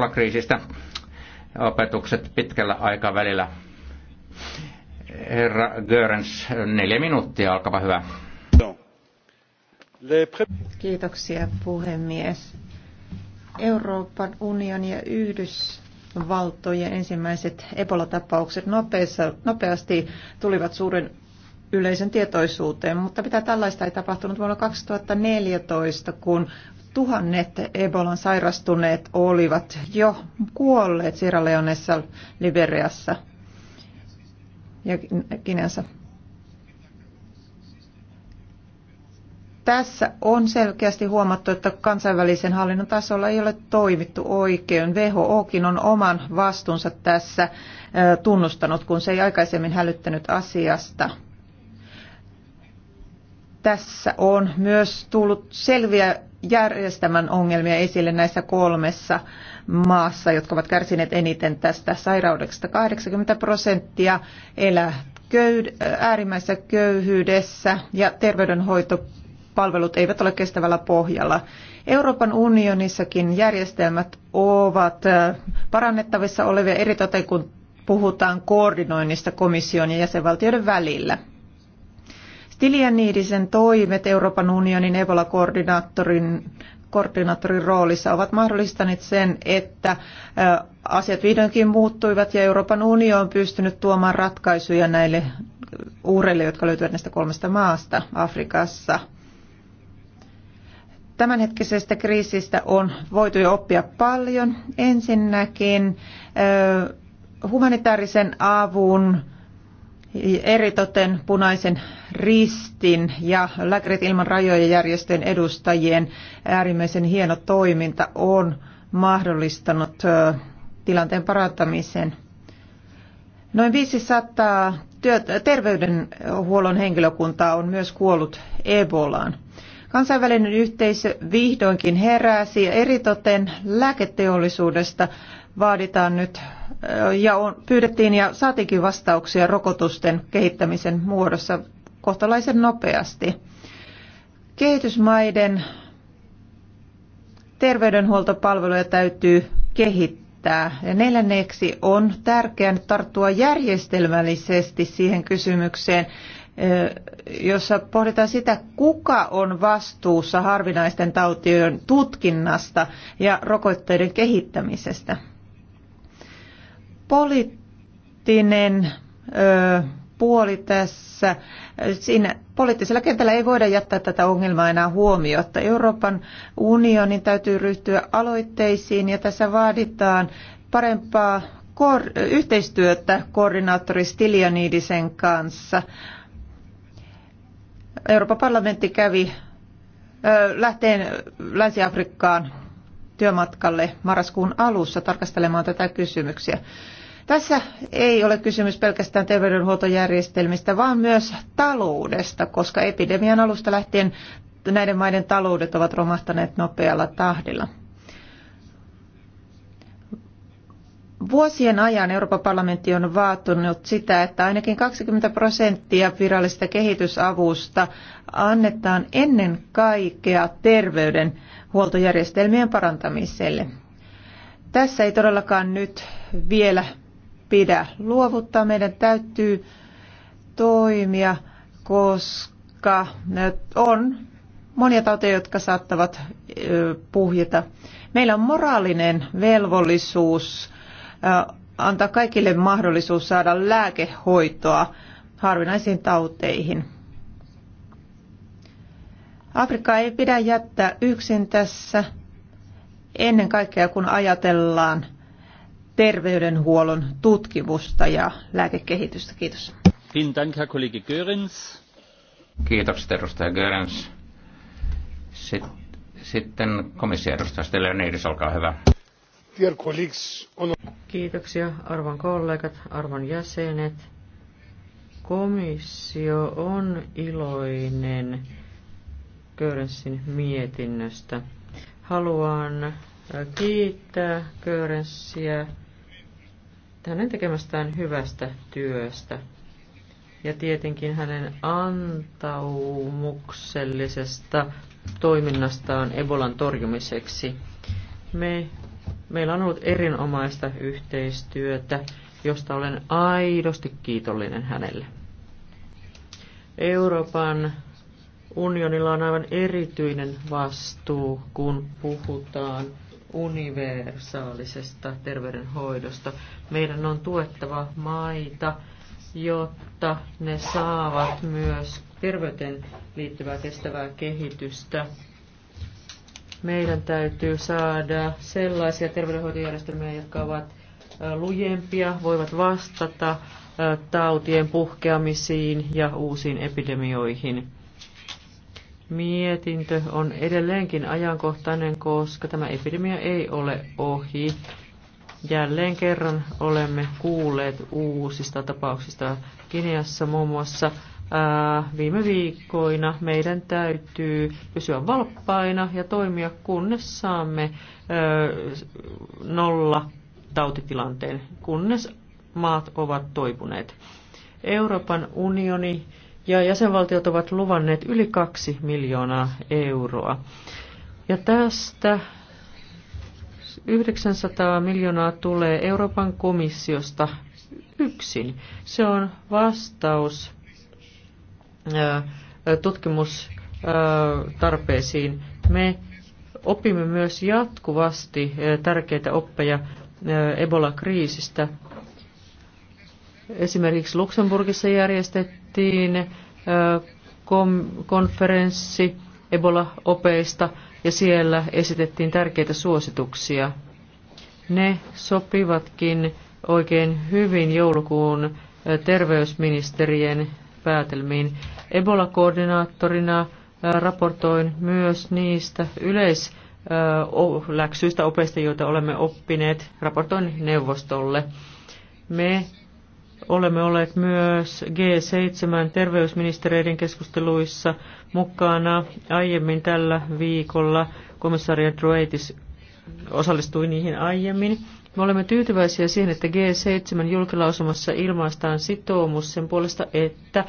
pakolakriisistä opetukset pitkällä aikavälillä. Herra Görens, neljä minuuttia, alkava hyvä. Kiitoksia puhemies. Euroopan unioni ja Yhdysvaltojen ensimmäiset Ebola-tapaukset nopeasti tulivat suuren yleisen tietoisuuteen, mutta mitä tällaista ei tapahtunut vuonna 2014, kun Tuhannet Ebolan sairastuneet olivat jo kuolleet Sierra Leoneessa, Liberiassa ja Kineassa. Tässä on selkeästi huomattu, että kansainvälisen hallinnon tasolla ei ole toimittu oikein. WHOkin on oman vastuunsa tässä tunnustanut, kun se ei aikaisemmin hälyttänyt asiasta tässä on myös tullut selviä järjestelmän ongelmia esille näissä kolmessa maassa, jotka ovat kärsineet eniten tästä sairaudesta. 80 prosenttia elää köyd- äärimmäisessä köyhyydessä ja terveydenhoitopalvelut eivät ole kestävällä pohjalla. Euroopan unionissakin järjestelmät ovat parannettavissa olevia eritoten kun puhutaan koordinoinnista komission ja jäsenvaltioiden välillä. Stilianidisen toimet Euroopan unionin Ebola-koordinaattorin koordinaattorin roolissa ovat mahdollistaneet sen, että asiat vihdoinkin muuttuivat ja Euroopan unio on pystynyt tuomaan ratkaisuja näille uureille, jotka löytyvät näistä kolmesta maasta Afrikassa. Tämänhetkisestä kriisistä on voitu jo oppia paljon. Ensinnäkin humanitaarisen avun eritoten punaisen ristin ja Lääkärit ilman rajoja järjestön edustajien äärimmäisen hieno toiminta on mahdollistanut tilanteen parantamisen. Noin 500 terveydenhuollon henkilökuntaa on myös kuollut Ebolaan. Kansainvälinen yhteisö vihdoinkin heräsi ja eritoten lääketeollisuudesta vaaditaan nyt ja on, pyydettiin ja saatiinkin vastauksia rokotusten kehittämisen muodossa kohtalaisen nopeasti. Kehitysmaiden terveydenhuoltopalveluja täytyy kehittää. Ja neljänneksi on tärkeää tarttua järjestelmällisesti siihen kysymykseen, jossa pohditaan sitä, kuka on vastuussa harvinaisten tautien tutkinnasta ja rokotteiden kehittämisestä poliittinen ö, puoli tässä. Siinä poliittisella kentällä ei voida jättää tätä ongelmaa enää huomiota. Euroopan unionin täytyy ryhtyä aloitteisiin ja tässä vaaditaan parempaa koor- yhteistyötä koordinaattori Stilianidisen kanssa. Euroopan parlamentti kävi lähteen Länsi-Afrikkaan työmatkalle marraskuun alussa tarkastelemaan tätä kysymyksiä. Tässä ei ole kysymys pelkästään terveydenhuoltojärjestelmistä, vaan myös taloudesta, koska epidemian alusta lähtien näiden maiden taloudet ovat romahtaneet nopealla tahdilla. Vuosien ajan Euroopan parlamentti on vaatunut sitä, että ainakin 20 prosenttia virallista kehitysavusta annetaan ennen kaikkea terveydenhuoltojärjestelmien parantamiselle. Tässä ei todellakaan nyt vielä pidä luovuttaa. Meidän täytyy toimia, koska on monia tauteja, jotka saattavat puhjeta. Meillä on moraalinen velvollisuus antaa kaikille mahdollisuus saada lääkehoitoa harvinaisiin tauteihin. Afrikkaa ei pidä jättää yksin tässä ennen kaikkea kun ajatellaan terveydenhuollon tutkimusta ja lääkekehitystä. Kiitos. Kiitokset edustaja Görens. Sitten komission edustaja Stelionidis, olkaa hyvä. Kiitoksia arvon kollegat, arvon jäsenet. Komissio on iloinen Körenssin mietinnöstä. Haluan äh, kiittää Körenssiä hänen tekemästään hyvästä työstä ja tietenkin hänen antaumuksellisesta toiminnastaan Ebolan torjumiseksi. Me, meillä on ollut erinomaista yhteistyötä, josta olen aidosti kiitollinen hänelle. Euroopan unionilla on aivan erityinen vastuu, kun puhutaan universaalisesta terveydenhoidosta. Meidän on tuettava maita, jotta ne saavat myös terveyteen liittyvää kestävää kehitystä. Meidän täytyy saada sellaisia terveydenhoitojärjestelmiä, jotka ovat lujempia, voivat vastata tautien puhkeamisiin ja uusiin epidemioihin mietintö on edelleenkin ajankohtainen, koska tämä epidemia ei ole ohi. Jälleen kerran olemme kuulleet uusista tapauksista Kineassa muun muassa. Ää, viime viikkoina meidän täytyy pysyä valppaina ja toimia, kunnes saamme ää, nolla tautitilanteen, kunnes maat ovat toipuneet. Euroopan unioni ja jäsenvaltiot ovat luvanneet yli kaksi miljoonaa euroa. Ja tästä 900 miljoonaa tulee Euroopan komissiosta yksin. Se on vastaus tutkimustarpeisiin. Me opimme myös jatkuvasti tärkeitä oppeja Ebola-kriisistä Esimerkiksi Luxemburgissa järjestettiin konferenssi Ebola-opeista ja siellä esitettiin tärkeitä suosituksia. Ne sopivatkin oikein hyvin joulukuun terveysministerien päätelmiin. Ebola-koordinaattorina raportoin myös niistä yleisläksyistä opeista, joita olemme oppineet, raportoin neuvostolle. Me Olemme olleet myös G7 terveysministereiden keskusteluissa mukana. Aiemmin tällä viikolla komissaari Droitis osallistui niihin aiemmin. Me olemme tyytyväisiä siihen, että G7 julkilausumassa ilmaistaan sitoumus sen puolesta, että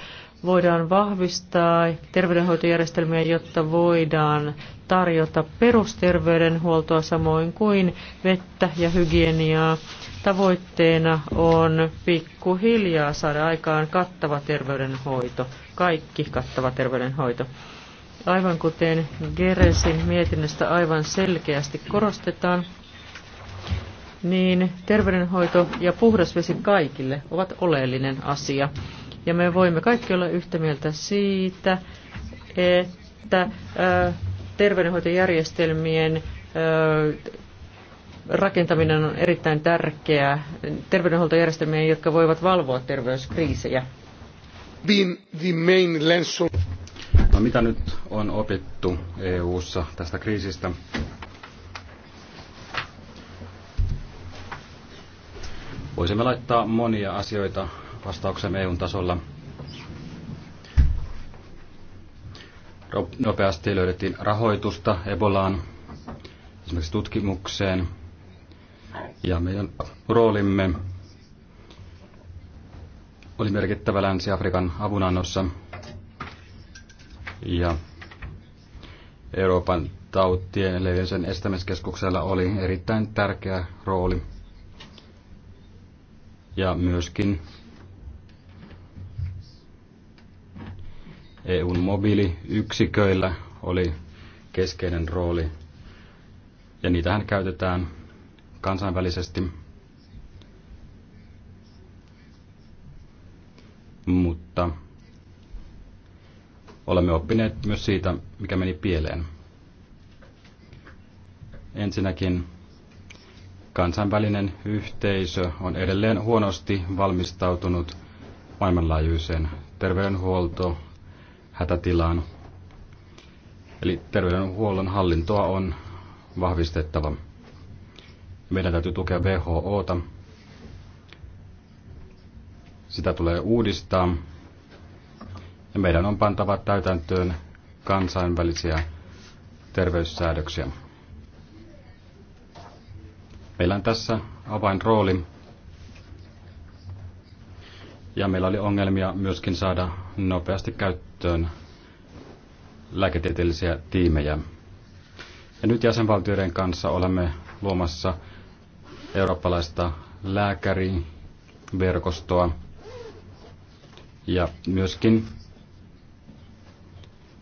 voidaan vahvistaa terveydenhoitojärjestelmiä, jotta voidaan tarjota perusterveydenhuoltoa samoin kuin vettä ja hygieniaa. Tavoitteena on pikkuhiljaa saada aikaan kattava terveydenhoito, kaikki kattava terveydenhoito. Aivan kuten Geresin mietinnöstä aivan selkeästi korostetaan, niin terveydenhoito ja puhdas vesi kaikille ovat oleellinen asia. Ja me voimme kaikki olla yhtä mieltä siitä, että terveydenhoitojärjestelmien rakentaminen on erittäin tärkeää, Terveydenhoitojärjestelmien, jotka voivat valvoa terveyskriisejä. No, mitä nyt on opittu EU-ssa tästä kriisistä? Voisimme laittaa monia asioita vastauksemme eu tasolla. Nopeasti löydettiin rahoitusta Ebolaan, esimerkiksi tutkimukseen, ja meidän roolimme oli merkittävä Länsi-Afrikan avunannossa. Ja Euroopan tautien leviämisen estämiskeskuksella oli erittäin tärkeä rooli ja myöskin EUn mobiiliyksiköillä oli keskeinen rooli ja niitähän käytetään kansainvälisesti. Mutta olemme oppineet myös siitä, mikä meni pieleen. Ensinnäkin kansainvälinen yhteisö on edelleen huonosti valmistautunut maailmanlaajuiseen terveydenhuolto hätätilaan. Eli terveydenhuollon hallintoa on vahvistettava. Meidän täytyy tukea WHOta. Sitä tulee uudistaa. Ja meidän on pantava täytäntöön kansainvälisiä terveyssäädöksiä. Meillä on tässä avainrooli. Ja meillä oli ongelmia myöskin saada nopeasti käyttöön lääketieteellisiä tiimejä. Ja nyt jäsenvaltioiden kanssa olemme luomassa eurooppalaista lääkäriverkostoa ja myöskin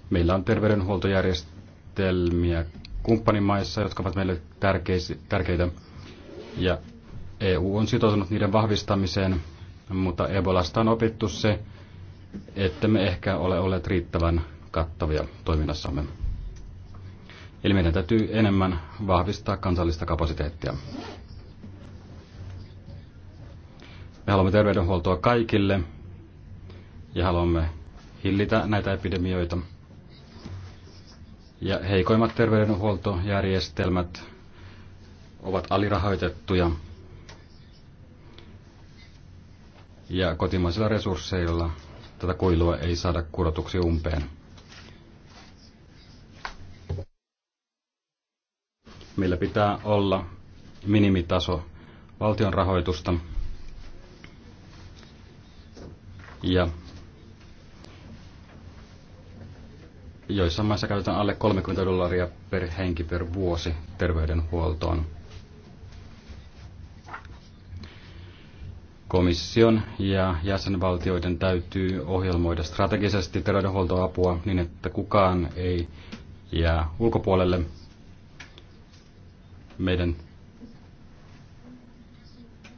meillä on terveydenhuoltojärjestelmiä kumppanimaissa, jotka ovat meille tärkeitä. Ja EU on sitoutunut niiden vahvistamiseen, mutta Ebolasta on opittu se, että me ehkä ole olleet riittävän kattavia toiminnassamme. Eli meidän täytyy enemmän vahvistaa kansallista kapasiteettia. Me haluamme terveydenhuoltoa kaikille ja haluamme hillitä näitä epidemioita. Ja heikoimmat terveydenhuoltojärjestelmät ovat alirahoitettuja ja kotimaisilla resursseilla tätä kuilua ei saada kurotuksi umpeen. Meillä pitää olla minimitaso valtion rahoitusta ja joissain maissa käytetään alle 30 dollaria per henki per vuosi terveydenhuoltoon. komission ja jäsenvaltioiden täytyy ohjelmoida strategisesti terveydenhuoltoapua niin, että kukaan ei jää ulkopuolelle. Meidän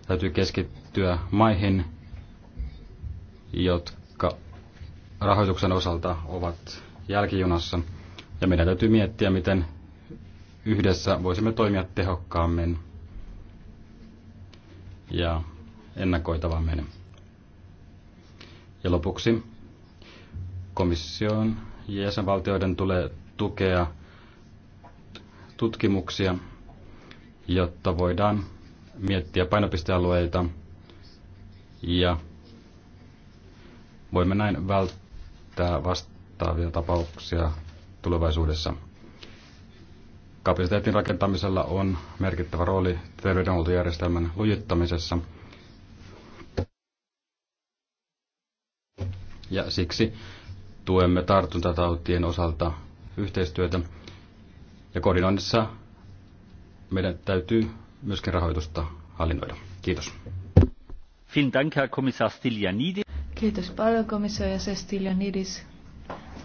täytyy keskittyä maihin, jotka rahoituksen osalta ovat jälkijunassa. Ja meidän täytyy miettiä, miten yhdessä voisimme toimia tehokkaammin. Ja mene. Ja lopuksi komission ja jäsenvaltioiden tulee tukea tutkimuksia, jotta voidaan miettiä painopistealueita ja voimme näin välttää vastaavia tapauksia tulevaisuudessa. Kapasiteetin rakentamisella on merkittävä rooli terveydenhuoltojärjestelmän lujittamisessa – ja siksi tuemme tartuntatautien osalta yhteistyötä. Ja koordinoinnissa meidän täytyy myöskin rahoitusta hallinnoida. Kiitos. Kiitos paljon komissaari Stiljanides.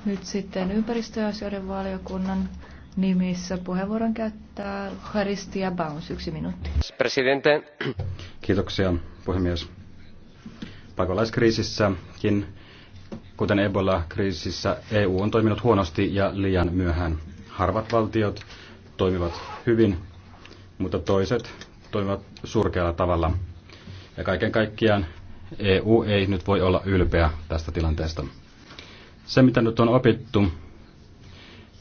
Nyt sitten ympäristöasioiden valiokunnan nimissä puheenvuoron käyttää Haristia Baus. Yksi minuutti. Presidente. Kiitoksia puhemies. Pakolaiskriisissäkin Kuten Ebola-kriisissä, EU on toiminut huonosti ja liian myöhään. Harvat valtiot toimivat hyvin, mutta toiset toimivat surkealla tavalla. Ja kaiken kaikkiaan EU ei nyt voi olla ylpeä tästä tilanteesta. Se, mitä nyt on opittu,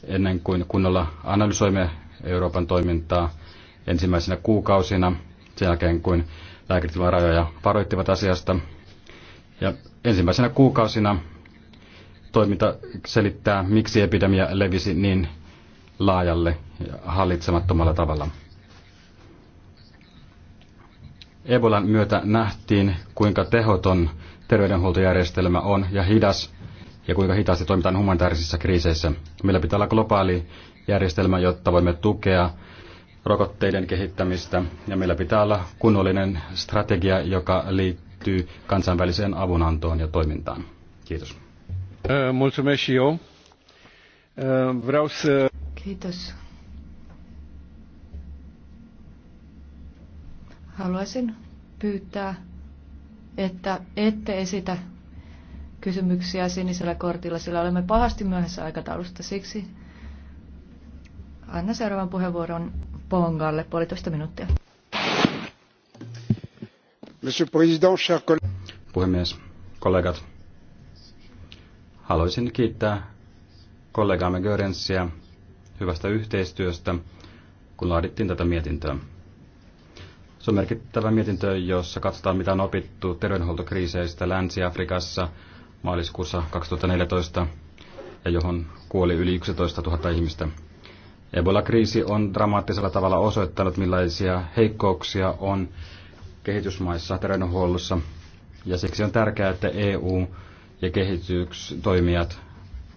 ennen kuin kunnolla analysoimme Euroopan toimintaa ensimmäisenä kuukausina, sen jälkeen kuin lääkärit rajoja varoittivat asiasta. Ja ensimmäisenä kuukausina toiminta selittää, miksi epidemia levisi niin laajalle ja hallitsemattomalla tavalla. Ebolan myötä nähtiin, kuinka tehoton terveydenhuoltojärjestelmä on ja hidas, ja kuinka hitaasti toimitaan humanitaarisissa kriiseissä. Meillä pitää olla globaali järjestelmä, jotta voimme tukea rokotteiden kehittämistä, ja meillä pitää olla kunnollinen strategia, joka liittyy kansainväliseen avunantoon ja toimintaan. Kiitos. E, mulțumesc și eu. E, vreau să... Haluaisin pyytää, että ette esitä kysymyksiä sinisellä kortilla, sillä olemme pahasti myöhässä aikataulusta. Siksi anna seuraavan puheenvuoron Pongalle puolitoista minuuttia. Monsieur Président, chers Puhemies, kollegat. Haluaisin kiittää kollegaamme Görensiä hyvästä yhteistyöstä, kun laadittiin tätä mietintöä. Se on merkittävä mietintö, jossa katsotaan, mitä on opittu terveydenhuoltokriiseistä Länsi-Afrikassa maaliskuussa 2014 ja johon kuoli yli 11 000 ihmistä. Ebola-kriisi on dramaattisella tavalla osoittanut, millaisia heikkouksia on kehitysmaissa terveydenhuollossa, ja siksi on tärkeää, että EU ja kehitystoimijat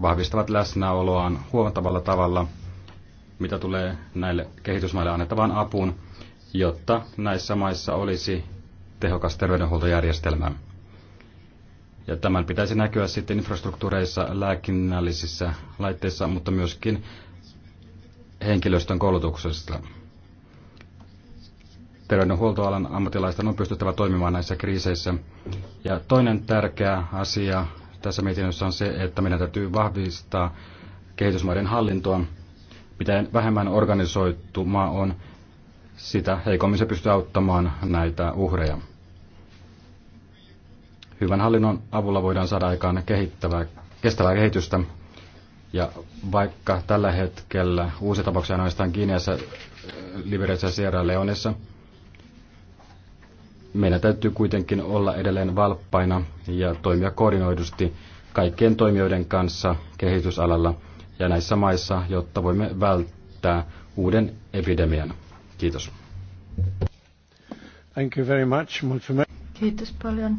vahvistavat läsnäoloaan huomattavalla tavalla, mitä tulee näille kehitysmaille annettavaan apuun, jotta näissä maissa olisi tehokas terveydenhuoltojärjestelmä. Ja tämän pitäisi näkyä sitten infrastruktuureissa, lääkinnällisissä laitteissa, mutta myöskin henkilöstön koulutuksessa terveydenhuoltoalan ammattilaisten on pystyttävä toimimaan näissä kriiseissä. Ja toinen tärkeä asia tässä mietinnössä on se, että meidän täytyy vahvistaa kehitysmaiden hallintoa. Mitä vähemmän organisoitu maa on, sitä heikommin se pystyy auttamaan näitä uhreja. Hyvän hallinnon avulla voidaan saada aikaan kehittävää, kestävää kehitystä. Ja vaikka tällä hetkellä uusia tapauksia on ainoastaan Kiinassa, Liberiassa ja Sierra Leoneissa, meillä täytyy kuitenkin olla edelleen valppaina ja toimia koordinoidusti kaikkien toimijoiden kanssa kehitysalalla ja näissä maissa, jotta voimme välttää uuden epidemian. Kiitos. Thank you very much. Kiitos paljon.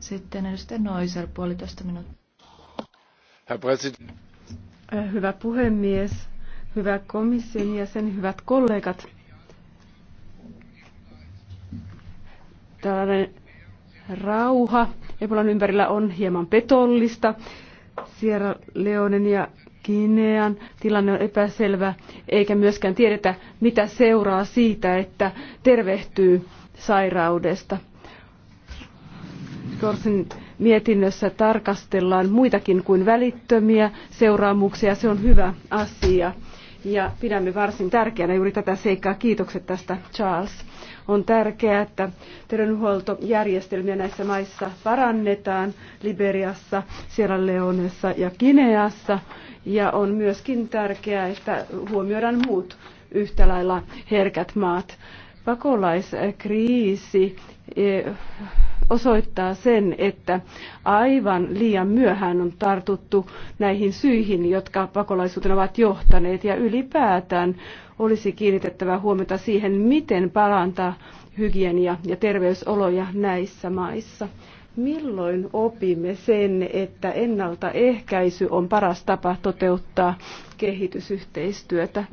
Sitten edustaja Noiser, puolitoista minuuttia. Hyvä puhemies, hyvä komission jäsen, hyvät kollegat. tällainen rauha Ebolan ympärillä on hieman petollista. Sierra Leonen ja Kinean tilanne on epäselvä, eikä myöskään tiedetä, mitä seuraa siitä, että tervehtyy sairaudesta. Korsin mietinnössä tarkastellaan muitakin kuin välittömiä seuraamuksia. Se on hyvä asia ja pidämme varsin tärkeänä juuri tätä seikkaa. Kiitokset tästä Charles. On tärkeää, että terveydenhuoltojärjestelmiä näissä maissa parannetaan Liberiassa, Sierra Leonessa ja Kineassa. Ja on myöskin tärkeää, että huomioidaan muut yhtä lailla herkät maat. Pakolaiskriisi eh, osoittaa sen, että aivan liian myöhään on tartuttu näihin syihin, jotka pakolaisuuteen ovat johtaneet ja ylipäätään olisi kiinnitettävä huomiota siihen, miten parantaa hygienia- ja terveysoloja näissä maissa. Milloin opimme sen, että ennaltaehkäisy on paras tapa toteuttaa kehitysyhteistyötä?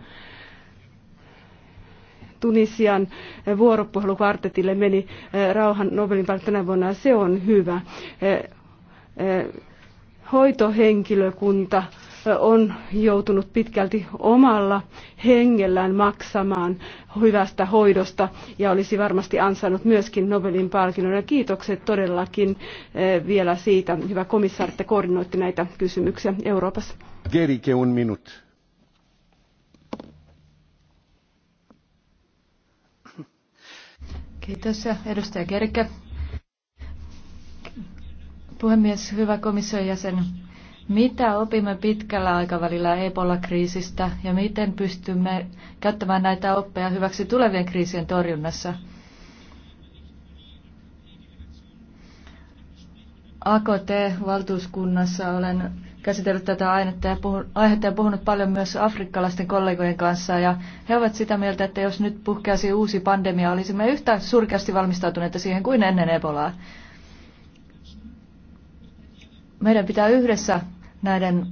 Tunisian vuoropuhelukvartetille meni eh, rauhan Nobelin palkinto tänä vuonna. Se on hyvä. Eh, eh, hoitohenkilökunta on joutunut pitkälti omalla hengellään maksamaan hyvästä hoidosta ja olisi varmasti ansainnut myöskin Nobelin palkinnon. Ja kiitokset todellakin vielä siitä, hyvä komissaari, että koordinoitte näitä kysymyksiä Euroopassa. Gerike, un minut Kiitos. Edustaja Kerkkä. Puhemies, hyvä komission jäsen. Mitä opimme pitkällä aikavälillä Ebola-kriisistä ja miten pystymme käyttämään näitä oppeja hyväksi tulevien kriisien torjunnassa? AKT-valtuuskunnassa olen käsitellyt tätä ainetta ja puhun, aihetta ja puhunut paljon myös afrikkalaisten kollegojen kanssa. Ja he ovat sitä mieltä, että jos nyt puhkeasi uusi pandemia, olisimme yhtä surkeasti valmistautuneita siihen kuin ennen Ebolaa. Meidän pitää yhdessä näiden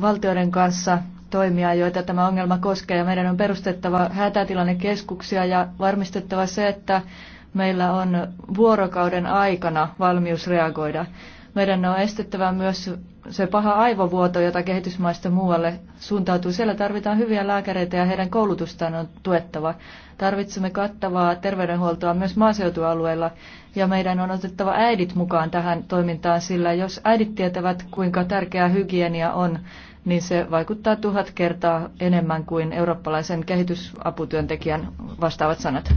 valtioiden kanssa toimia, joita tämä ongelma koskee. Ja meidän on perustettava hätätilannekeskuksia ja varmistettava se, että meillä on vuorokauden aikana valmius reagoida. Meidän on estettävä myös se paha aivovuoto, jota kehitysmaista muualle suuntautuu. Siellä tarvitaan hyviä lääkäreitä ja heidän koulutustaan on tuettava. Tarvitsemme kattavaa terveydenhuoltoa myös maaseutualueilla ja meidän on otettava äidit mukaan tähän toimintaan, sillä jos äidit tietävät, kuinka tärkeää hygienia on, niin se vaikuttaa tuhat kertaa enemmän kuin eurooppalaisen kehitysaputyöntekijän vastaavat sanat.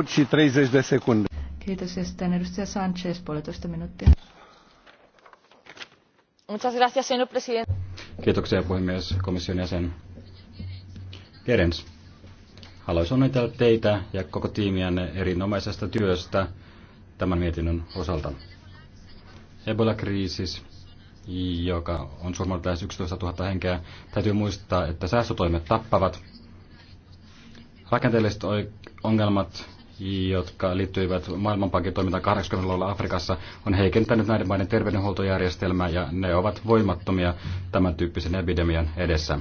Kiitos ja sitten edustaja Sanchez puolitoista minuuttia. Muchas gracias, señor presidente. Kiitoksia puhemies komission jäsen Kerens. Haluaisin onnitella teitä ja koko tiimiänne erinomaisesta työstä tämän mietinnön osalta. Ebola-kriisis, joka on surmannut lähes 11 000 henkeä, täytyy muistaa, että säästötoimet tappavat. Rakenteelliset ongelmat jotka liittyivät Maailmanpankin toimintaan 80-luvulla Afrikassa, on heikentänyt näiden maiden terveydenhuoltojärjestelmää ja ne ovat voimattomia tämän tyyppisen epidemian edessä.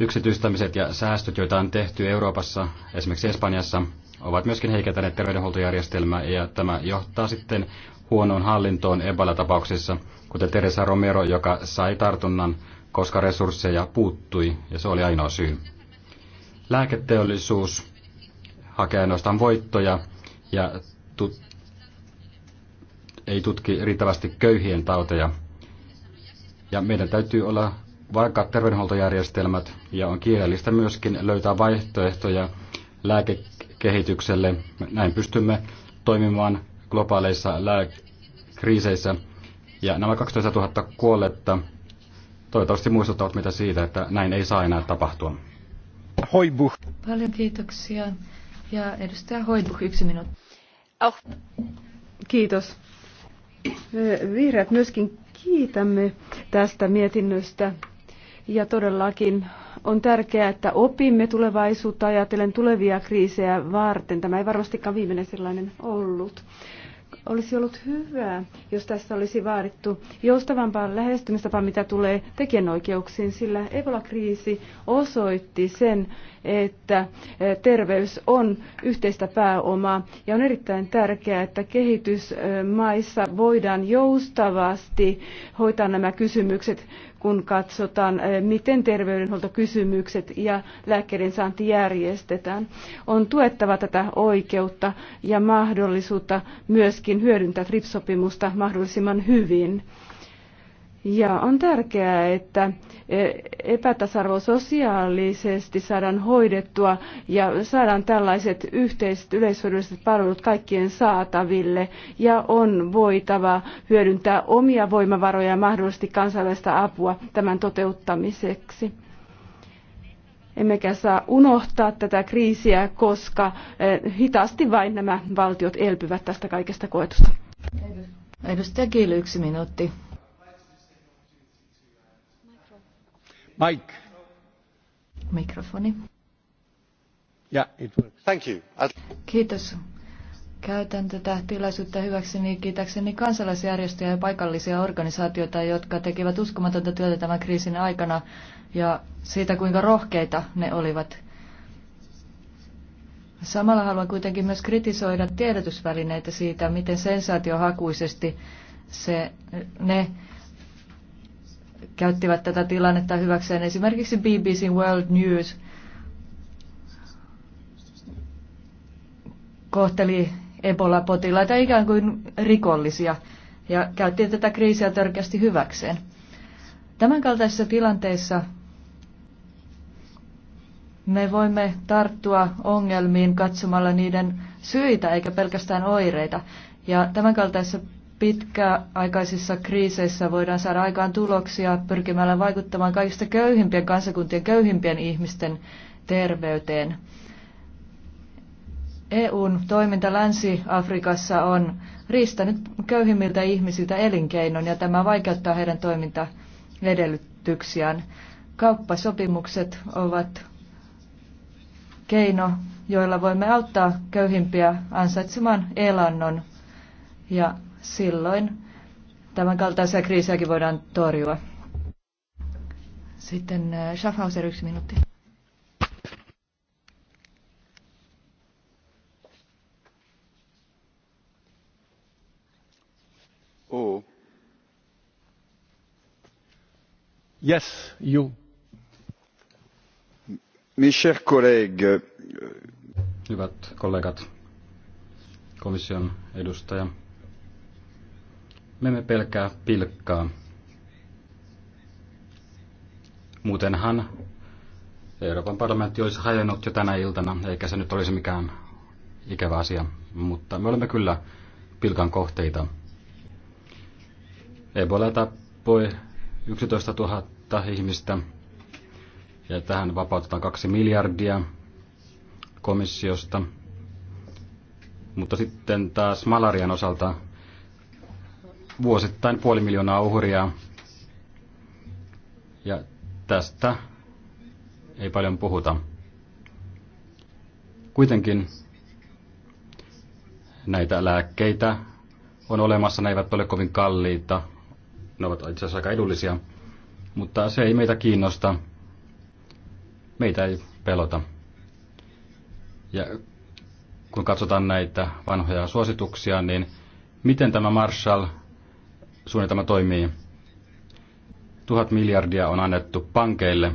Yksityistämiset ja säästöt, joita on tehty Euroopassa, esimerkiksi Espanjassa, ovat myöskin heikentäneet terveydenhuoltojärjestelmää ja tämä johtaa sitten huonoon hallintoon Ebola-tapauksissa, kuten Teresa Romero, joka sai tartunnan, koska resursseja puuttui ja se oli ainoa syy. Lääketeollisuus hakee ainoastaan voittoja ja tut- ei tutki riittävästi köyhien tauteja. Ja meidän täytyy olla vaikka terveydenhuoltojärjestelmät ja on kiireellistä myöskin löytää vaihtoehtoja lääkekehitykselle. Näin pystymme toimimaan globaaleissa kriiseissä. Ja nämä 12 000 kuolletta toivottavasti muistuttavat mitä siitä, että näin ei saa enää tapahtua. Hoibu. Paljon kiitoksia. Ja edustaja Hoibuh, yksi minuutti. Oh. Kiitos. Me vihreät myöskin kiitämme tästä mietinnöstä. Ja todellakin on tärkeää, että opimme tulevaisuutta ajatellen tulevia kriisejä varten. Tämä ei varmastikaan viimeinen sellainen ollut. Olisi ollut hyvä, jos tässä olisi vaadittu joustavampaa lähestymistapaa, mitä tulee tekijänoikeuksiin, sillä Ebola-kriisi osoitti sen, että terveys on yhteistä pääomaa ja on erittäin tärkeää, että kehitysmaissa voidaan joustavasti hoitaa nämä kysymykset, kun katsotaan, miten terveydenhuoltokysymykset ja lääkkeiden saanti järjestetään. On tuettava tätä oikeutta ja mahdollisuutta myöskin hyödyntää TRIPS-sopimusta mahdollisimman hyvin. Ja on tärkeää, että e, epätasarvo sosiaalisesti saadaan hoidettua ja saadaan tällaiset yhteiset yleishyödylliset palvelut kaikkien saataville ja on voitava hyödyntää omia voimavaroja ja mahdollisesti kansainvälistä apua tämän toteuttamiseksi. Emmekä saa unohtaa tätä kriisiä, koska e, hitaasti vain nämä valtiot elpyvät tästä kaikesta koetusta. Edustaja Kiili, yksi minuutti. Mike. Mikrofoni. Kiitos. Käytän tätä tilaisuutta hyväkseni kiitäkseni kansalaisjärjestöjä ja paikallisia organisaatioita, jotka tekivät uskomatonta työtä tämän kriisin aikana ja siitä, kuinka rohkeita ne olivat. Samalla haluan kuitenkin myös kritisoida tiedotusvälineitä siitä, miten sensaatiohakuisesti se, ne käyttivät tätä tilannetta hyväkseen. Esimerkiksi BBC World News kohteli Ebola-potilaita ikään kuin rikollisia ja käytti tätä kriisiä törkeästi hyväkseen. Tämänkaltaisissa tilanteissa me voimme tarttua ongelmiin katsomalla niiden syitä eikä pelkästään oireita. Ja tämänkaltaisessa pitkäaikaisissa kriiseissä voidaan saada aikaan tuloksia pyrkimällä vaikuttamaan kaikista köyhimpien kansakuntien köyhimpien ihmisten terveyteen. EUn toiminta Länsi-Afrikassa on riistänyt köyhimmiltä ihmisiltä elinkeinon ja tämä vaikeuttaa heidän toimintaedellytyksiään. Kauppasopimukset ovat keino, joilla voimme auttaa köyhimpiä ansaitsemaan elannon ja silloin tämän kaltaisia kriisejäkin voidaan torjua. Sitten äh, Schaffhauser yksi minuutti. Oh. Yes, you. Mes chers collègues. Euh, Hyvät kollegat, komission edustaja. Me emme pelkää pilkkaa. Muutenhan Euroopan parlamentti olisi hajonnut jo tänä iltana, eikä se nyt olisi mikään ikävä asia. Mutta me olemme kyllä pilkan kohteita. Ebola tappoi 11 000 ihmistä ja tähän vapautetaan 2 miljardia komissiosta. Mutta sitten taas malarian osalta vuosittain puoli miljoonaa uhria. Ja tästä ei paljon puhuta. Kuitenkin näitä lääkkeitä on olemassa, ne eivät ole kovin kalliita, ne ovat itse asiassa aika edullisia, mutta se ei meitä kiinnosta, meitä ei pelota. Ja kun katsotaan näitä vanhoja suosituksia, niin miten tämä Marshall suunnitelma toimii. Tuhat miljardia on annettu pankeille.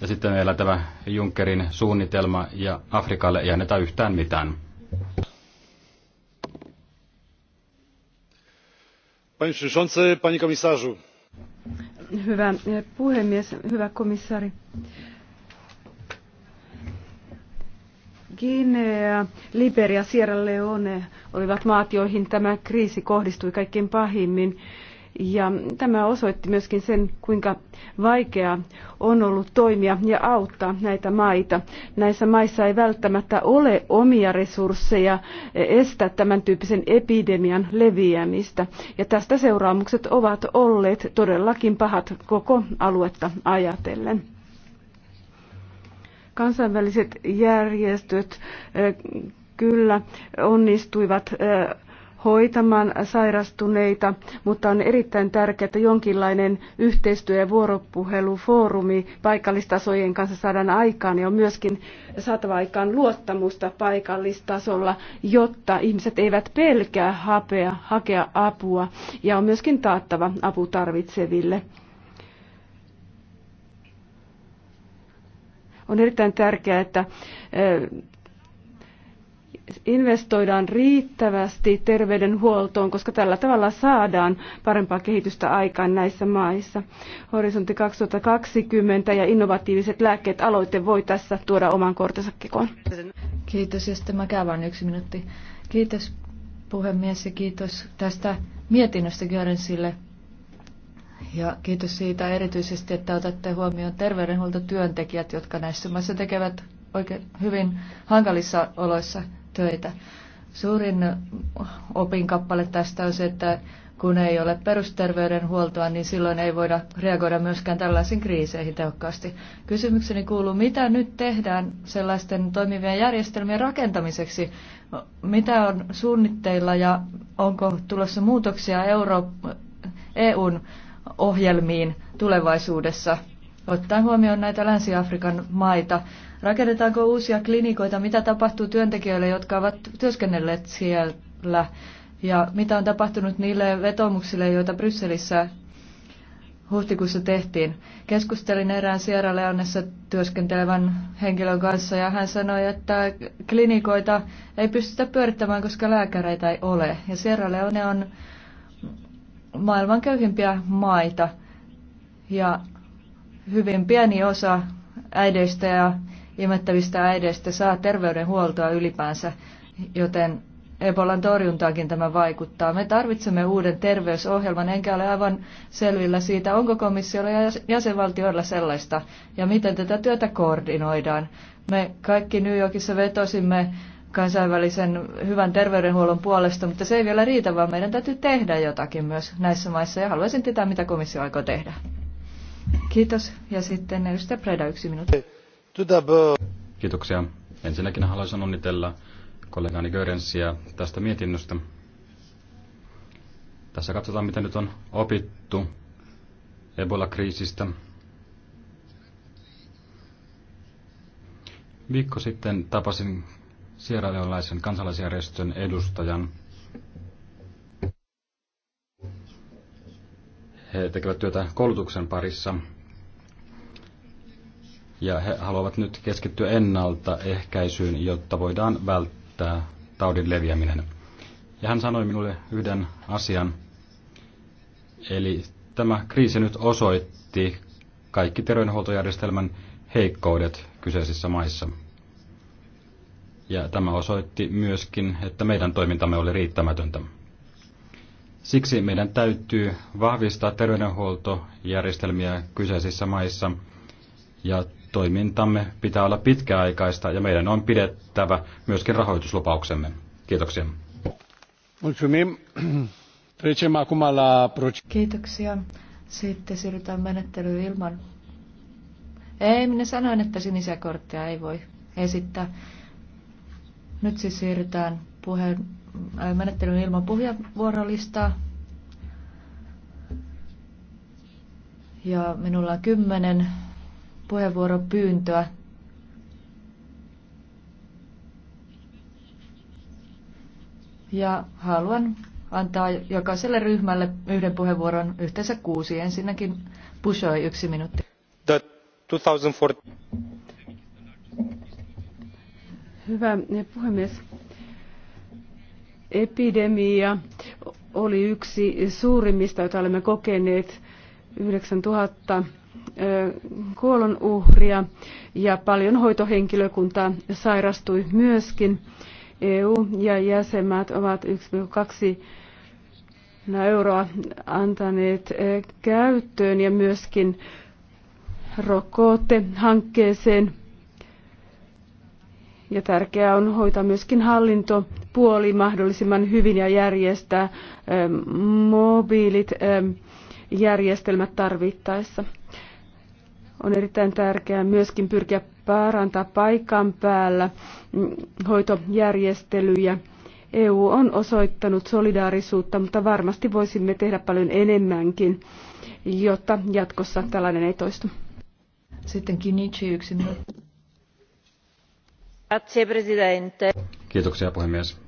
Ja sitten meillä tämä Junckerin suunnitelma ja Afrikalle ei anneta yhtään mitään. Panie komisarzu. Hyvä e, puhemies, hyvä komissaari. Guinea, Liberia, Sierra Leone olivat maat, joihin tämä kriisi kohdistui kaikkein pahimmin. Ja tämä osoitti myöskin sen, kuinka vaikeaa on ollut toimia ja auttaa näitä maita. Näissä maissa ei välttämättä ole omia resursseja estää tämän tyyppisen epidemian leviämistä. Ja tästä seuraamukset ovat olleet todellakin pahat koko aluetta ajatellen. Kansainväliset järjestöt eh, kyllä onnistuivat eh, hoitamaan sairastuneita, mutta on erittäin tärkeää, että jonkinlainen yhteistyö- ja vuoropuhelufoorumi paikallistasojen kanssa saadaan aikaan ja on myöskin saatava aikaan luottamusta paikallistasolla, jotta ihmiset eivät pelkää hapea, hakea apua ja on myöskin taattava apu tarvitseville. On erittäin tärkeää, että investoidaan riittävästi terveydenhuoltoon, koska tällä tavalla saadaan parempaa kehitystä aikaan näissä maissa. Horisontti 2020 ja innovatiiviset lääkkeet aloite voi tässä tuoda oman kortensa kekoon. Kiitos ja sitten mä käyn yksi minuutti. Kiitos puhemies ja kiitos tästä mietinnöstä Görensille ja kiitos siitä erityisesti, että otatte huomioon terveydenhuoltotyöntekijät, jotka näissä maissa tekevät oikein hyvin hankalissa oloissa töitä. Suurin opinkappale tästä on se, että kun ei ole perusterveydenhuoltoa, niin silloin ei voida reagoida myöskään tällaisiin kriiseihin tehokkaasti. Kysymykseni kuuluu, mitä nyt tehdään sellaisten toimivien järjestelmien rakentamiseksi? Mitä on suunnitteilla ja onko tulossa muutoksia Euro, EUn ohjelmiin tulevaisuudessa, ottaen huomioon näitä Länsi-Afrikan maita. Rakennetaanko uusia klinikoita? Mitä tapahtuu työntekijöille, jotka ovat työskennelleet siellä? Ja mitä on tapahtunut niille vetomuksille, joita Brysselissä huhtikuussa tehtiin. Keskustelin erään Sierra Leonessa työskentelevän henkilön kanssa ja hän sanoi, että klinikoita ei pystytä pyörittämään, koska lääkäreitä ei ole. Ja Sierra Leone on maailman köyhimpiä maita ja hyvin pieni osa äideistä ja imettävistä äideistä saa terveydenhuoltoa ylipäänsä, joten Ebolan torjuntaakin tämä vaikuttaa. Me tarvitsemme uuden terveysohjelman, enkä ole aivan selvillä siitä, onko komissiolla ja jäsenvaltioilla sellaista, ja miten tätä työtä koordinoidaan. Me kaikki New Yorkissa vetosimme kansainvälisen hyvän terveydenhuollon puolesta, mutta se ei vielä riitä, vaan meidän täytyy tehdä jotakin myös näissä maissa ja haluaisin tietää, mitä komissio aikoo tehdä. Kiitos. Ja sitten edustaja Preda, yksi minuutti. Kiitoksia. Ensinnäkin haluaisin onnitella kollegaani Görensiä tästä mietinnöstä. Tässä katsotaan, mitä nyt on opittu Ebola-kriisistä. Viikko sitten tapasin sieraleolaisen kansalaisjärjestön edustajan. He tekevät työtä koulutuksen parissa ja he haluavat nyt keskittyä ennaltaehkäisyyn, jotta voidaan välttää taudin leviäminen. Ja hän sanoi minulle yhden asian. Eli tämä kriisi nyt osoitti kaikki terveydenhuoltojärjestelmän heikkoudet kyseisissä maissa ja tämä osoitti myöskin, että meidän toimintamme oli riittämätöntä. Siksi meidän täytyy vahvistaa terveydenhuoltojärjestelmiä kyseisissä maissa ja toimintamme pitää olla pitkäaikaista ja meidän on pidettävä myöskin rahoituslupauksemme. Kiitoksia. Kiitoksia. Sitten siirrytään menettelyyn ilman. Ei, minä sanoin, että sinisiä kortteja ei voi esittää. Nyt siis siirrytään puheen, äh, menettelyyn ilman puheenvuorolistaa. Ja minulla on kymmenen puheenvuoropyyntöä. Ja haluan antaa jokaiselle ryhmälle yhden puheenvuoron, yhteensä kuusi. Ensinnäkin Bushoi yksi minuutti. The 2014. Hyvä puhemies. Epidemia oli yksi suurimmista, joita olemme kokeneet 9000 kuolonuhria ja paljon hoitohenkilökuntaa sairastui myöskin. EU ja jäsenmaat ovat 1,2 euroa antaneet käyttöön ja myöskin rokotehankkeeseen ja tärkeää on hoitaa myöskin hallintopuoli mahdollisimman hyvin ja järjestää ähm, mobiilit ähm, järjestelmät tarvittaessa. On erittäin tärkeää myöskin pyrkiä parantaa paikan päällä mm, hoitojärjestelyjä. EU on osoittanut solidaarisuutta, mutta varmasti voisimme tehdä paljon enemmänkin, jotta jatkossa tällainen ei toistu. Sitten Kinichi minuutti. Kiitoksia puhemies.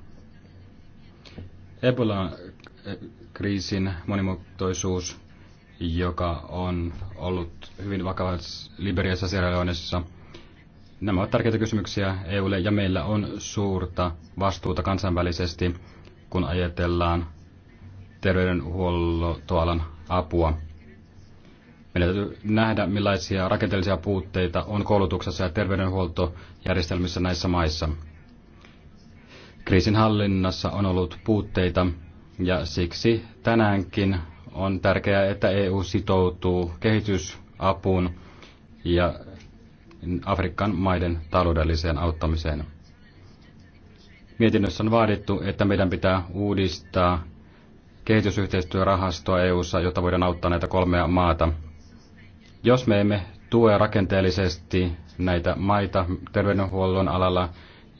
Ebola-kriisin eh, monimuotoisuus, joka on ollut hyvin vakava Liberiassa, Sierra Leonessa. nämä ovat tärkeitä kysymyksiä EUlle ja meillä on suurta vastuuta kansainvälisesti, kun ajatellaan terveydenhuoltoalan apua meidän täytyy nähdä, millaisia rakenteellisia puutteita on koulutuksessa ja terveydenhuoltojärjestelmissä näissä maissa. Kriisin hallinnassa on ollut puutteita ja siksi tänäänkin on tärkeää, että EU sitoutuu kehitysapuun ja Afrikan maiden taloudelliseen auttamiseen. Mietinnössä on vaadittu, että meidän pitää uudistaa kehitysyhteistyörahastoa EU:ssa, jotta voidaan auttaa näitä kolmea maata – jos me emme tue rakenteellisesti näitä maita terveydenhuollon alalla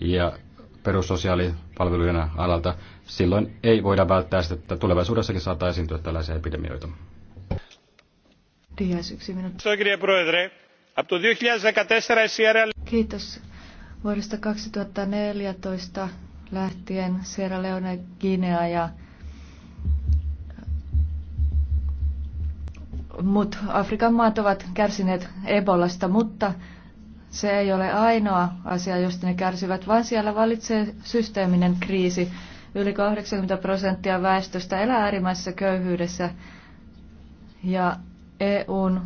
ja perussosiaalipalvelujen alalta, silloin ei voida välttää sitä, että tulevaisuudessakin saattaa esiintyä tällaisia epidemioita. Dias, yksi minuutti. Kiitos. Vuodesta 2014 lähtien Sierra Leone, Guinea ja Mut Afrikan maat ovat kärsineet Ebolasta, mutta se ei ole ainoa asia, josta ne kärsivät, vaan siellä valitsee systeeminen kriisi. Yli 80 prosenttia väestöstä elää äärimmäisessä köyhyydessä ja EUn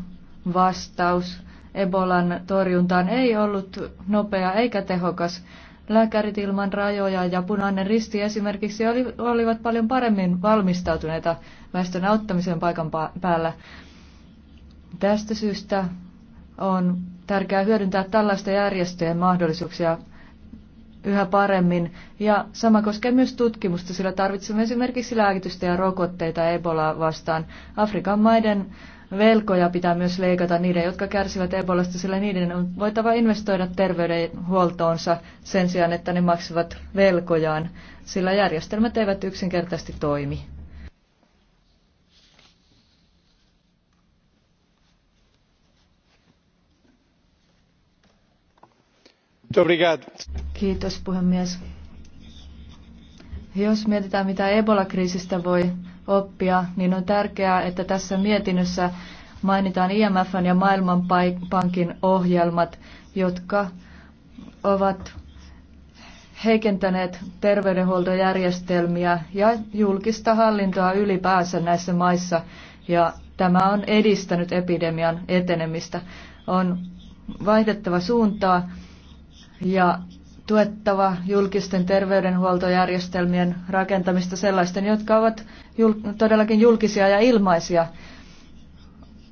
vastaus Ebolan torjuntaan ei ollut nopea eikä tehokas. Lääkärit ilman rajoja ja punainen risti esimerkiksi oli olivat paljon paremmin valmistautuneita väestön auttamiseen paikan päällä. Tästä syystä on tärkeää hyödyntää tällaisten järjestöjen mahdollisuuksia yhä paremmin. Ja sama koskee myös tutkimusta, sillä tarvitsemme esimerkiksi lääkitystä ja rokotteita Ebola vastaan. Afrikan maiden velkoja pitää myös leikata niiden, jotka kärsivät Ebolasta, sillä niiden on voitava investoida terveydenhuoltoonsa sen sijaan, että ne maksavat velkojaan, sillä järjestelmät eivät yksinkertaisesti toimi. Kiitos puhemies. Jos mietitään, mitä Ebola-kriisistä voi oppia, niin on tärkeää, että tässä mietinnössä mainitaan IMFn ja Maailmanpankin ohjelmat, jotka ovat heikentäneet terveydenhuoltojärjestelmiä ja julkista hallintoa ylipäänsä näissä maissa, ja tämä on edistänyt epidemian etenemistä. On vaihdettava suuntaa ja tuettava julkisten terveydenhuoltojärjestelmien rakentamista sellaisten, jotka ovat jul- todellakin julkisia ja ilmaisia.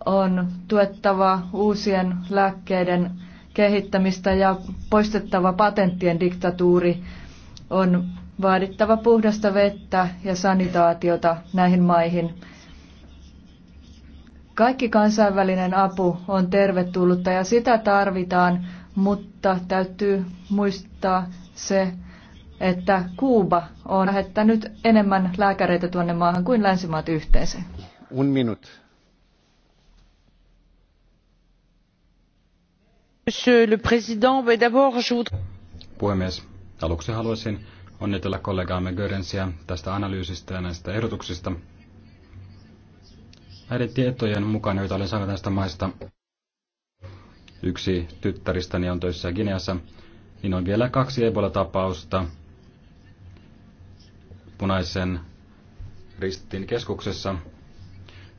On tuettava uusien lääkkeiden kehittämistä ja poistettava patenttien diktatuuri. On vaadittava puhdasta vettä ja sanitaatiota näihin maihin. Kaikki kansainvälinen apu on tervetullutta ja sitä tarvitaan mutta täytyy muistaa se, että Kuuba on lähettänyt enemmän lääkäreitä tuonne maahan kuin länsimaat yhteensä. Un minut. Monsieur le Président, mais d'abord je voudrais... Puhemies, aluksi haluaisin onnitella kollegaamme Görensiä tästä analyysistä ja näistä ehdotuksista. Näiden tietojen mukaan, joita olen saanut näistä maista, yksi tyttäristäni on töissä Gineassa, niin on vielä kaksi Ebola-tapausta punaisen ristin keskuksessa.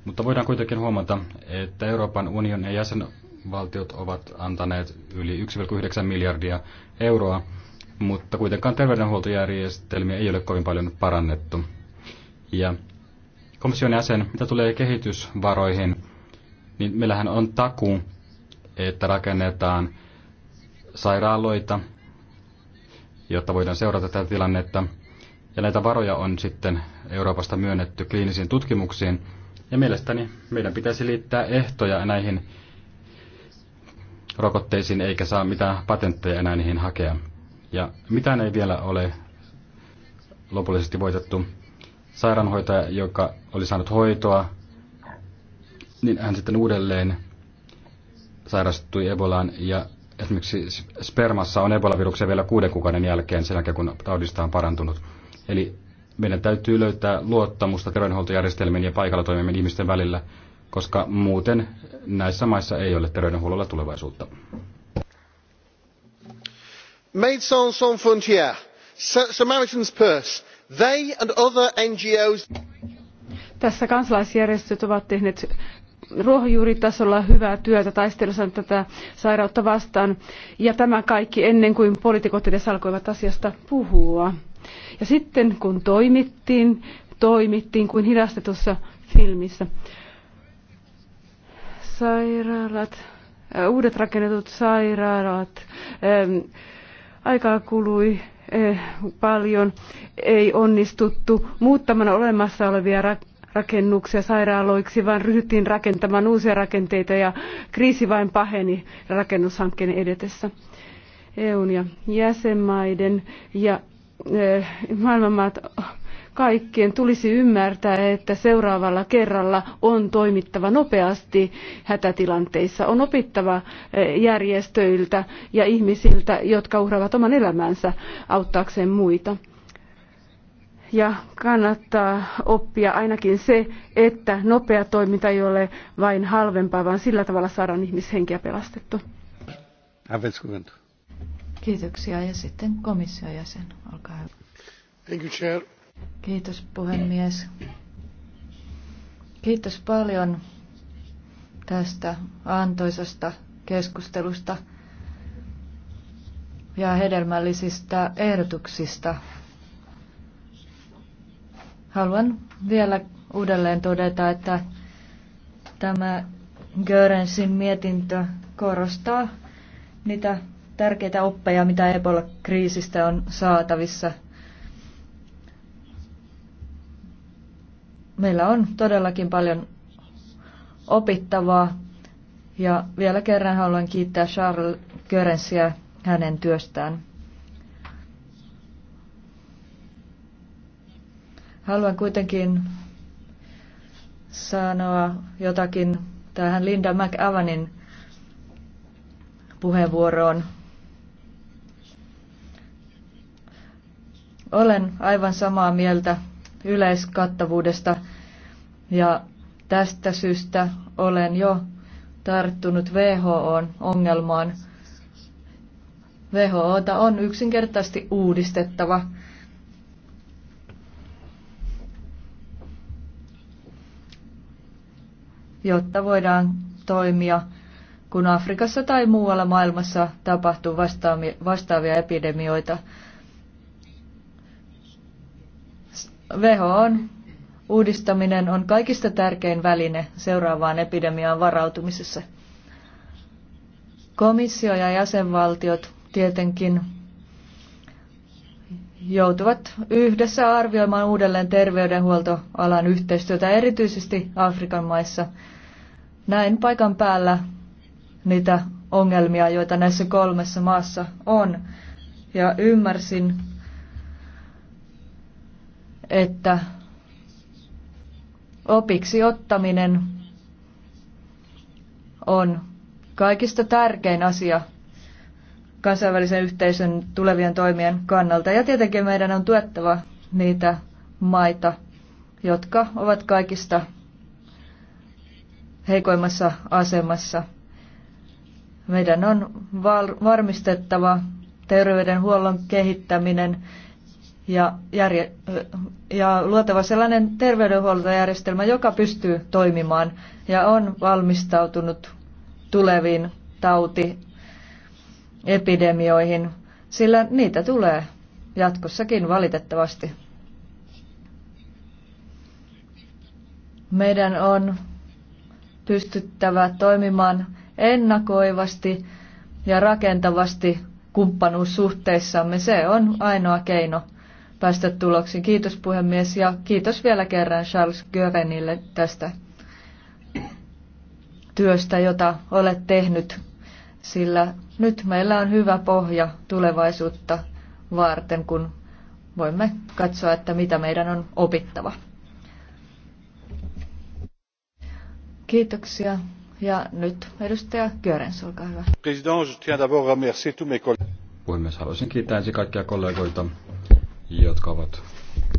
Mutta voidaan kuitenkin huomata, että Euroopan unionin ja jäsenvaltiot ovat antaneet yli 1,9 miljardia euroa, mutta kuitenkaan terveydenhuoltojärjestelmiä ei ole kovin paljon parannettu. Ja komission jäsen, mitä tulee kehitysvaroihin, niin meillähän on takuu että rakennetaan sairaaloita, jotta voidaan seurata tätä tilannetta. Ja näitä varoja on sitten Euroopasta myönnetty kliinisiin tutkimuksiin. Ja mielestäni meidän pitäisi liittää ehtoja näihin rokotteisiin, eikä saa mitään patentteja enää niihin hakea. Ja mitään ei vielä ole lopullisesti voitettu. Sairaanhoitaja, joka oli saanut hoitoa, niin hän sitten uudelleen sairastui Ebolaan ja esimerkiksi spermassa on Ebola-viruksia vielä kuuden kuukauden jälkeen sen jälkeen, kun taudista on parantunut. Eli meidän täytyy löytää luottamusta terveydenhuoltojärjestelmien ja paikalla toimivien ihmisten välillä, koska muuten näissä maissa ei ole terveydenhuollolla tulevaisuutta. Médecins Sans Frontières, Samaritan's Purse, they and other NGOs tässä kansalaisjärjestöt ovat tehneet ruohonjuuritasolla hyvää työtä taistelussa tätä sairautta vastaan. Ja tämä kaikki ennen kuin poliitikot edes alkoivat asiasta puhua. Ja sitten kun toimittiin, toimittiin kuin hidastetussa filmissä. Sairaalat, äh, uudet rakennetut sairaalat, ähm, aikaa kului äh, paljon, ei onnistuttu muuttamaan olemassa olevia rakenteita rakennuksia sairaaloiksi, vaan ryhdyttiin rakentamaan uusia rakenteita ja kriisi vain paheni rakennushankkeen edetessä. EUn ja jäsenmaiden ja eh, maailmanmaat kaikkien tulisi ymmärtää, että seuraavalla kerralla on toimittava nopeasti hätätilanteissa. On opittava eh, järjestöiltä ja ihmisiltä, jotka uhraavat oman elämänsä auttaakseen muita ja kannattaa oppia ainakin se, että nopea toiminta ei ole vain halvempaa, vaan sillä tavalla saadaan ihmishenkiä pelastettu. Kiitoksia ja sitten komission jäsen, olkaa hyvä. Thank you, chair. Kiitos puhemies. Kiitos paljon tästä antoisasta keskustelusta ja hedelmällisistä ehdotuksista Haluan vielä uudelleen todeta, että tämä Görensin mietintö korostaa niitä tärkeitä oppeja, mitä Ebola-kriisistä on saatavissa. Meillä on todellakin paljon opittavaa ja vielä kerran haluan kiittää Charles Görensiä hänen työstään. Haluan kuitenkin sanoa jotakin tähän Linda McAvanin puheenvuoroon. Olen aivan samaa mieltä yleiskattavuudesta ja tästä syystä olen jo tarttunut who ongelmaan. WHOta on yksinkertaisesti uudistettava – jotta voidaan toimia, kun Afrikassa tai muualla maailmassa tapahtuu vastaavia epidemioita. WHOn uudistaminen on kaikista tärkein väline seuraavaan epidemiaan varautumisessa. Komissio ja jäsenvaltiot tietenkin joutuvat yhdessä arvioimaan uudelleen terveydenhuoltoalan yhteistyötä erityisesti Afrikan maissa – Näen paikan päällä niitä ongelmia, joita näissä kolmessa maassa on. Ja ymmärsin, että opiksi ottaminen on kaikista tärkein asia kansainvälisen yhteisön tulevien toimien kannalta. Ja tietenkin meidän on tuettava niitä maita, jotka ovat kaikista heikoimmassa asemassa. Meidän on varmistettava terveydenhuollon kehittäminen ja, järje- ja luotava sellainen terveydenhuoltojärjestelmä, joka pystyy toimimaan ja on valmistautunut tuleviin tautiepidemioihin, sillä niitä tulee jatkossakin valitettavasti. Meidän on pystyttävä toimimaan ennakoivasti ja rakentavasti kumppanuussuhteissamme. Se on ainoa keino päästä tuloksiin. Kiitos puhemies ja kiitos vielä kerran Charles Görenille tästä työstä, jota olet tehnyt, sillä nyt meillä on hyvä pohja tulevaisuutta varten, kun voimme katsoa, että mitä meidän on opittava. Kiitoksia. Ja nyt edustaja Görens, olkaa hyvä. Puhemies, haluaisin kiittää ensin kaikkia kollegoita, jotka ovat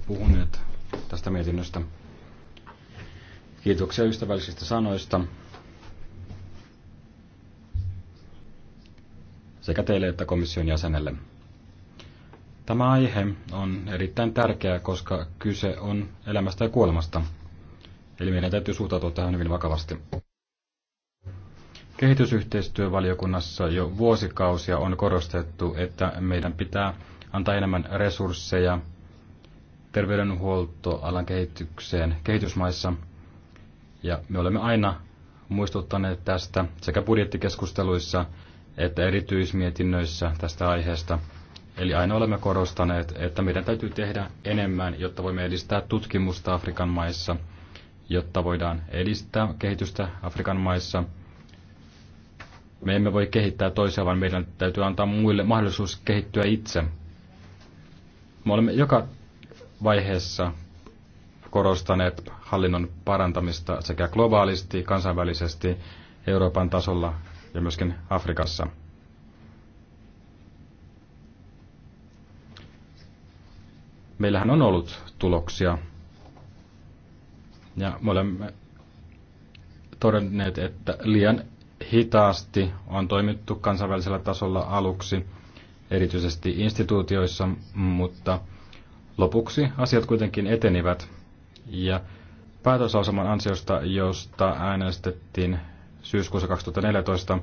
puhuneet tästä mietinnöstä. Kiitoksia ystävällisistä sanoista. sekä teille että komission jäsenelle. Tämä aihe on erittäin tärkeä, koska kyse on elämästä ja kuolemasta – Eli meidän täytyy suhtautua tähän hyvin vakavasti. Kehitysyhteistyövaliokunnassa jo vuosikausia on korostettu, että meidän pitää antaa enemmän resursseja terveydenhuoltoalan kehitykseen kehitysmaissa. Ja me olemme aina muistuttaneet tästä sekä budjettikeskusteluissa että erityismietinnöissä tästä aiheesta. Eli aina olemme korostaneet, että meidän täytyy tehdä enemmän, jotta voimme edistää tutkimusta Afrikan maissa – jotta voidaan edistää kehitystä Afrikan maissa. Me emme voi kehittää toisia, vaan meidän täytyy antaa muille mahdollisuus kehittyä itse. Me olemme joka vaiheessa korostaneet hallinnon parantamista sekä globaalisti, kansainvälisesti, Euroopan tasolla ja myöskin Afrikassa. Meillähän on ollut tuloksia ja me olemme todenneet, että liian hitaasti on toimittu kansainvälisellä tasolla aluksi, erityisesti instituutioissa, mutta lopuksi asiat kuitenkin etenivät. Ja päätöslauselman ansiosta, josta äänestettiin syyskuussa 2014,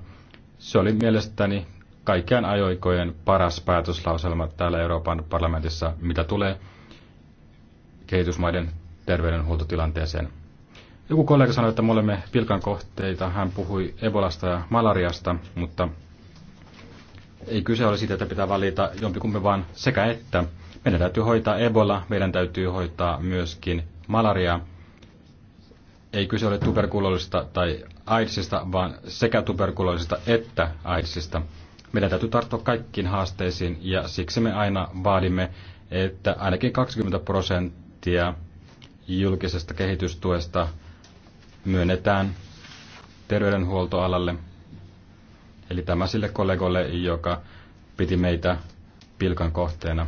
se oli mielestäni kaikkien ajoikojen paras päätöslauselma täällä Euroopan parlamentissa, mitä tulee kehitysmaiden terveydenhuoltotilanteeseen. Joku kollega sanoi, että me olemme pilkan kohteita. Hän puhui Ebolasta ja malariasta, mutta ei kyse ole siitä, että pitää valita jompikumpi, vaan sekä että. Meidän täytyy hoitaa Ebola, meidän täytyy hoitaa myöskin malaria. Ei kyse ole tuberkuloisista tai AIDSista, vaan sekä tuberkuloisista että AIDSista. Meidän täytyy tarttua kaikkiin haasteisiin ja siksi me aina vaadimme, että ainakin 20 prosenttia julkisesta kehitystuesta myönnetään terveydenhuoltoalalle. Eli tämä sille kollegolle, joka piti meitä pilkan kohteena.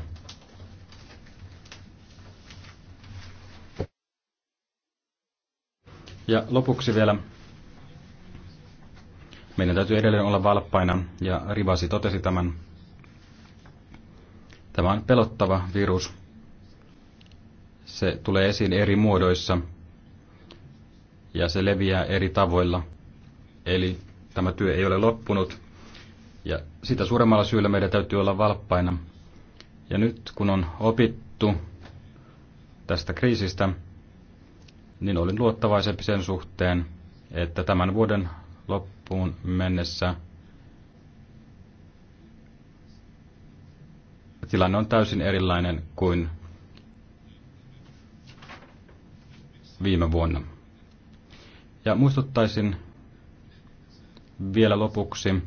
Ja lopuksi vielä meidän täytyy edelleen olla valppaina, ja Rivasi totesi tämän. Tämä on pelottava virus, se tulee esiin eri muodoissa ja se leviää eri tavoilla. Eli tämä työ ei ole loppunut ja sitä suuremmalla syyllä meidän täytyy olla valppaina. Ja nyt kun on opittu tästä kriisistä, niin olin luottavaisempi sen suhteen, että tämän vuoden loppuun mennessä tilanne on täysin erilainen kuin viime vuonna. Ja muistuttaisin vielä lopuksi,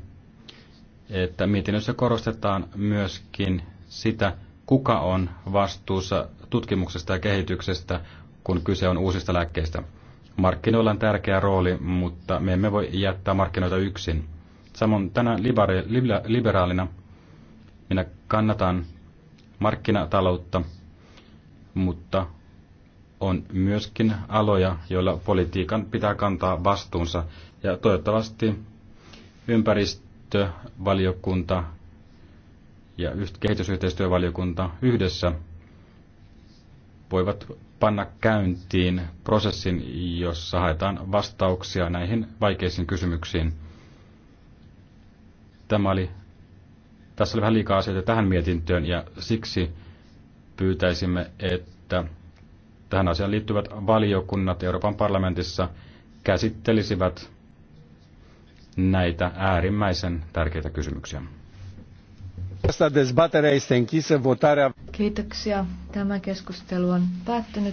että mietinnössä korostetaan myöskin sitä, kuka on vastuussa tutkimuksesta ja kehityksestä, kun kyse on uusista lääkkeistä. Markkinoilla on tärkeä rooli, mutta me emme voi jättää markkinoita yksin. Samoin tänä liberaalina minä kannatan markkinataloutta, mutta on myöskin aloja, joilla politiikan pitää kantaa vastuunsa. Ja toivottavasti ympäristövaliokunta ja kehitysyhteistyövaliokunta yhdessä voivat panna käyntiin prosessin, jossa haetaan vastauksia näihin vaikeisiin kysymyksiin. Tämä oli, tässä oli vähän liikaa asioita tähän mietintöön ja siksi pyytäisimme, että tähän asiaan liittyvät valiokunnat Euroopan parlamentissa käsittelisivät näitä äärimmäisen tärkeitä kysymyksiä. Kiitoksia. Tämä keskustelu on päättynyt.